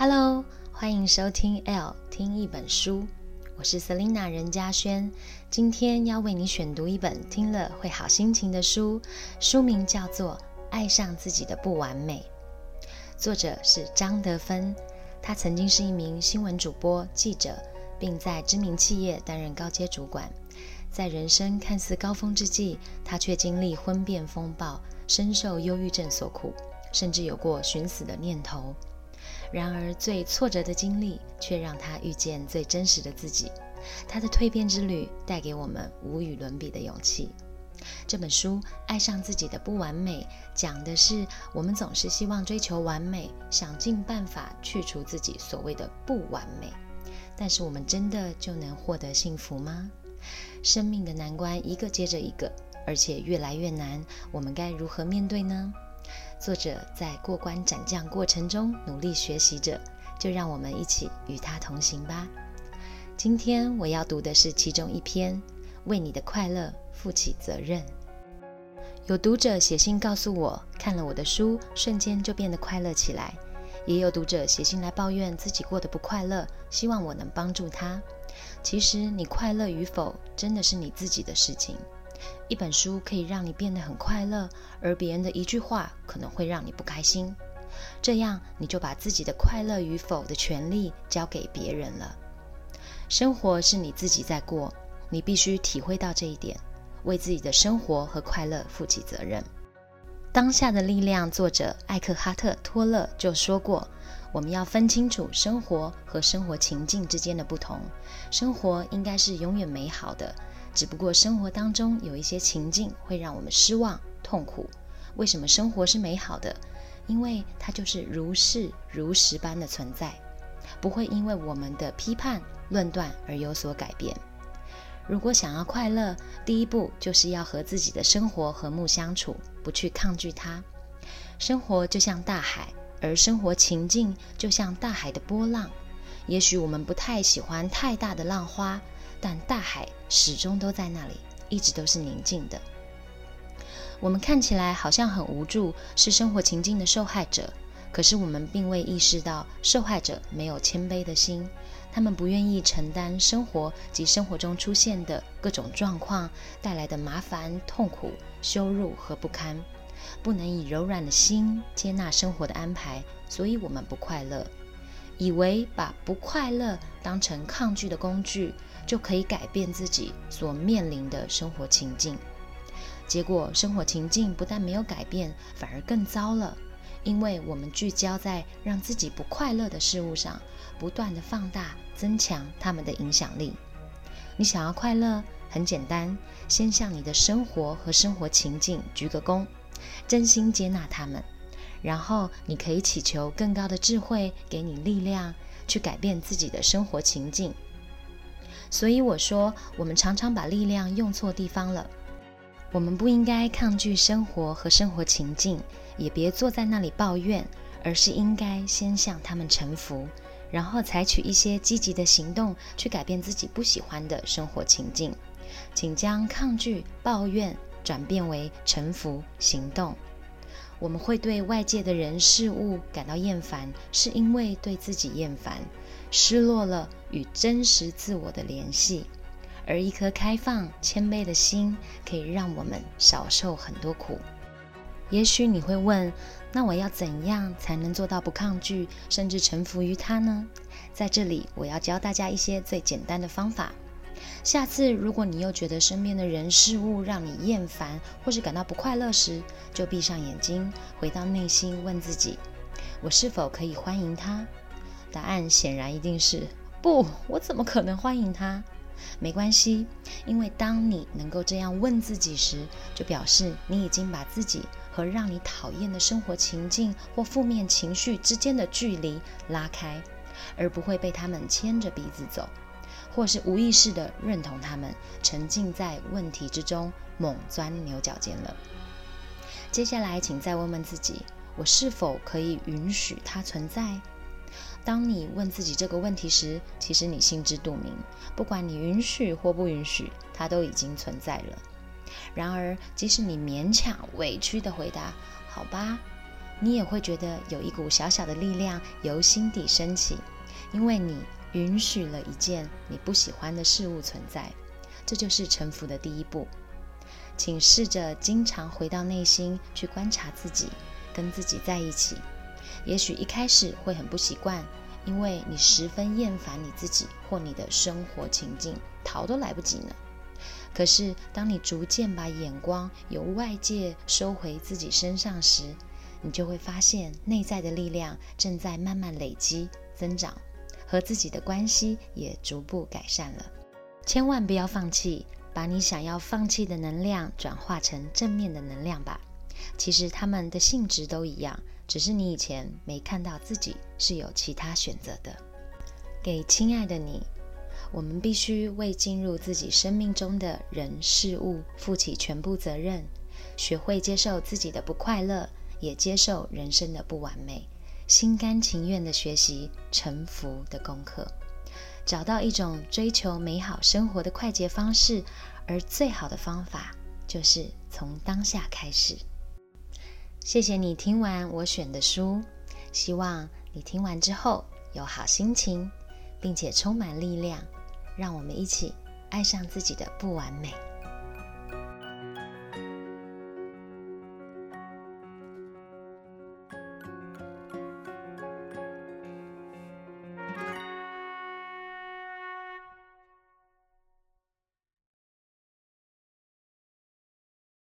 Hello，歡迎收聽 L 聽一本書，我是 Selina 任家萱，今天要為你選讀一本聽了會好心情的書，書名叫做《愛上自己的不完美》，作者是張德芬。她曾經是一名新聞主播、記者，並在知名企業擔任高階主管。在人生看似高峰之際，她卻經歷婚變風暴，深受憂鬱症所苦，甚至有過尋死的念頭。然而，最挫折的經歷卻讓他遇見最真實的自己。他的蛻變之旅帶給我們無與倫比的勇氣。這本書《愛上自己的不完美》講的是，我們總是希望追求完美，想盡辦法去除自己所謂的不完美。但是，我們真的就能獲得幸福嗎？生命的難關一個接着一個，而且越來越難，我們該如何面對呢？作者在過關斬將過程中努力學習着，就讓我們一起與他同行吧。今天我要讀的是其中一篇《為你的快樂負起責任》。有讀者寫信告訴我，看了我的書，瞬間就變得快樂起來；也有讀者寫信來抱怨自己過得不快樂，希望我能幫助他。其實你快樂與否，真的是你自己的事情。一本書可以讓你變得很快樂，而別人的一句話可能會讓你不開心。這樣你就把自己的快樂與否的權利交給別人了。生活是你自己在過，你必須體會到這一點，為自己的生活和快樂負起責任。當下的力量，作者艾克哈特·托勒就說過：“我們要分清楚生活和生活情境之間的不同。生活應該是永遠美好的。”只不過生活當中有一些情境會讓我們失望痛苦，為什麼生活是美好的？因為它就是如是如實般的存在，不會因為我們的批判論斷而有所改變。如果想要快樂，第一步就是要和自己的生活和睦相處，不去抗拒它。生活就像大海，而生活情境就像大海的波浪。也許我們不太喜歡太大的浪花。但大海始終都在那裡，一直都是寧靜的。我們看起來好像很無助，是生活情境的受害者。可是我們並未意識到，受害者沒有謙卑的心，他們不願意承擔生活及生活中出現的各種狀況帶來的麻煩、痛苦、羞辱和不堪，不能以柔軟的心接納生活的安排，所以我們不快樂，以為把不快樂當成抗拒的工具。就可以改變自己所面臨的生活情境。結果，生活情境不但沒有改變，反而更糟了。因為我們聚焦在讓自己不快樂的事物上，不斷地放大、增強他們的影響力。你想要快樂，很簡單，先向你的生活和生活情境鞠個躬，真心接納他們，然後你可以祈求更高的智慧給你力量，去改變自己的生活情境。所以我說，我們常常把力量用錯地方了。我們不應該抗拒生活和生活情境，也別坐在那裡抱怨，而是應該先向他們臣服，然後採取一些積極的行動去改變自己不喜歡的生活情境。請將抗拒、抱怨轉變為臣服、行動。我們會對外界的人事物感到厭煩，是因為對自己厭煩。失落了與真實自我的聯繫，而一顆開放、謙卑的心可以讓我們少受很多苦。也許你會問：那我要怎樣才能做到不抗拒，甚至臣服於他呢？在這裡，我要教大家一些最簡單的方法。下次如果你又覺得身邊的人事物讓你厭煩，或是感到不快樂時，就閉上眼睛，回到內心，問自己：我是否可以歡迎他？答案顯然一定是不，我怎麼可能歡迎他？沒關係，因為當你能夠這樣問自己時，就表示你已經把自己和讓你討厭的生活情境或負面情緒之間的距離拉開，而不會被他們牽着鼻子走，或是無意識地認同他們，沉浸在問題之中，猛鑽牛角尖了。接下來，請再問問自己：我是否可以允許它存在？當你問自己這個問題時，其實你心知肚明，不管你允許或不允許，它都已經存在了。然而，即使你勉強、委屈地回答“好吧”，你也會覺得有一股小小的力量由心底升起，因為你允許了一件你不喜歡的事物存在。這就是臣服的第一步。請試着經常回到內心去觀察自己，跟自己在一起。也許一開始會很不習慣，因為你十分厭煩你自己或你的生活情境，逃都來不及呢。可是，當你逐漸把眼光由外界收回自己身上時，你就會發現內在的力量正在慢慢累積增長，和自己的關係也逐步改善了。千萬不要放棄，把你想要放棄的能量轉化成正面的能量吧。其實，它們的性質都一樣。只是你以前沒看到自己是有其他選擇的。給親愛的你，我們必須為進入自己生命中的人事物負起全部責任，學會接受自己的不快樂，也接受人生的不完美，心甘情願地學習臣服的功課，找到一種追求美好生活的快捷方式，而最好的方法就是從當下開始。謝謝你聽完我選的書，希望你聽完之後有好心情，並且充滿力量，讓我們一起愛上自己的不完美。